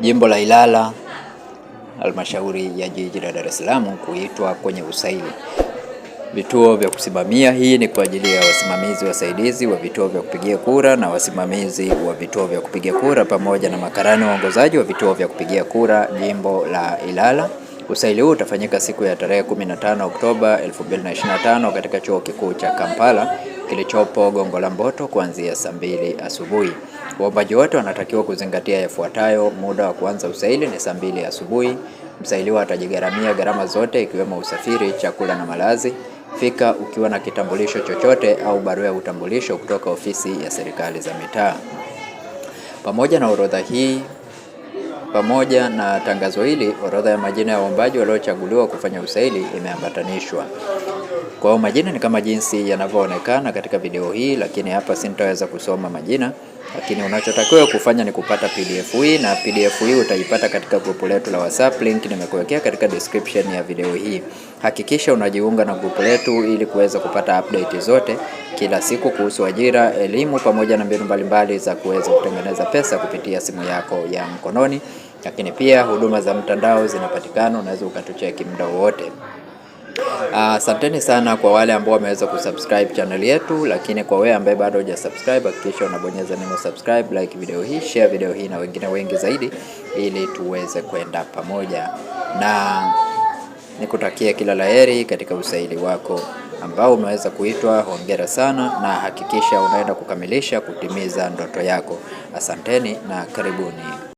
Jimbo la Ilala, halmashauri ya jiji la Dar es Salaam kuitwa kwenye usaili. Vituo vya kusimamia, hii ni kwa ajili ya wasimamizi wasaidizi wa vituo vya kupigia kura na wasimamizi wa vituo vya kupigia kura pamoja na makarani waongozaji wa vituo vya kupigia kura jimbo la Ilala. Usaili huu utafanyika siku ya tarehe 15 Oktoba 2025 katika chuo kikuu cha Kampala kilichopo Gongo la Mboto kuanzia saa mbili asubuhi. Waombaji wote wanatakiwa kuzingatia yafuatayo: muda wa kuanza usaili ni saa mbili asubuhi. Msailiwa atajigharamia gharama zote ikiwemo usafiri, chakula na malazi. Fika ukiwa na kitambulisho chochote au barua ya utambulisho kutoka ofisi ya serikali za mitaa. Pamoja na orodha hii pamoja na tangazo hili, orodha ya majina ya waombaji waliochaguliwa kufanya usaili imeambatanishwa. Kwa hiyo majina ni kama jinsi yanavyoonekana katika video hii, lakini hapa sintaweza kusoma majina, lakini unachotakiwa kufanya ni kupata PDF hii, na PDF hii utaipata katika grupu letu la WhatsApp, link nimekuwekea katika description ya video hii. Hakikisha unajiunga na grupu letu ili kuweza kupata update zote kila siku kuhusu ajira, elimu pamoja na mbinu mbalimbali za kuweza kutengeneza pesa kupitia simu yako ya mkononi. Lakini pia huduma za mtandao zinapatikana, unaweza ukatucheki muda wowote. Ah, asanteni uh, sana kwa wale ambao wameweza kusubscribe channel yetu, lakini kwa wewe ambaye bado hujasubscribe, hakikisha unabonyeza neno subscribe, like video hii, share video hii na wengine wengi zaidi, ili tuweze kwenda pamoja, na nikutakia kila laheri katika usaili wako ambao umeweza kuitwa. Hongera sana, na hakikisha unaenda kukamilisha kutimiza ndoto yako. Asanteni na karibuni.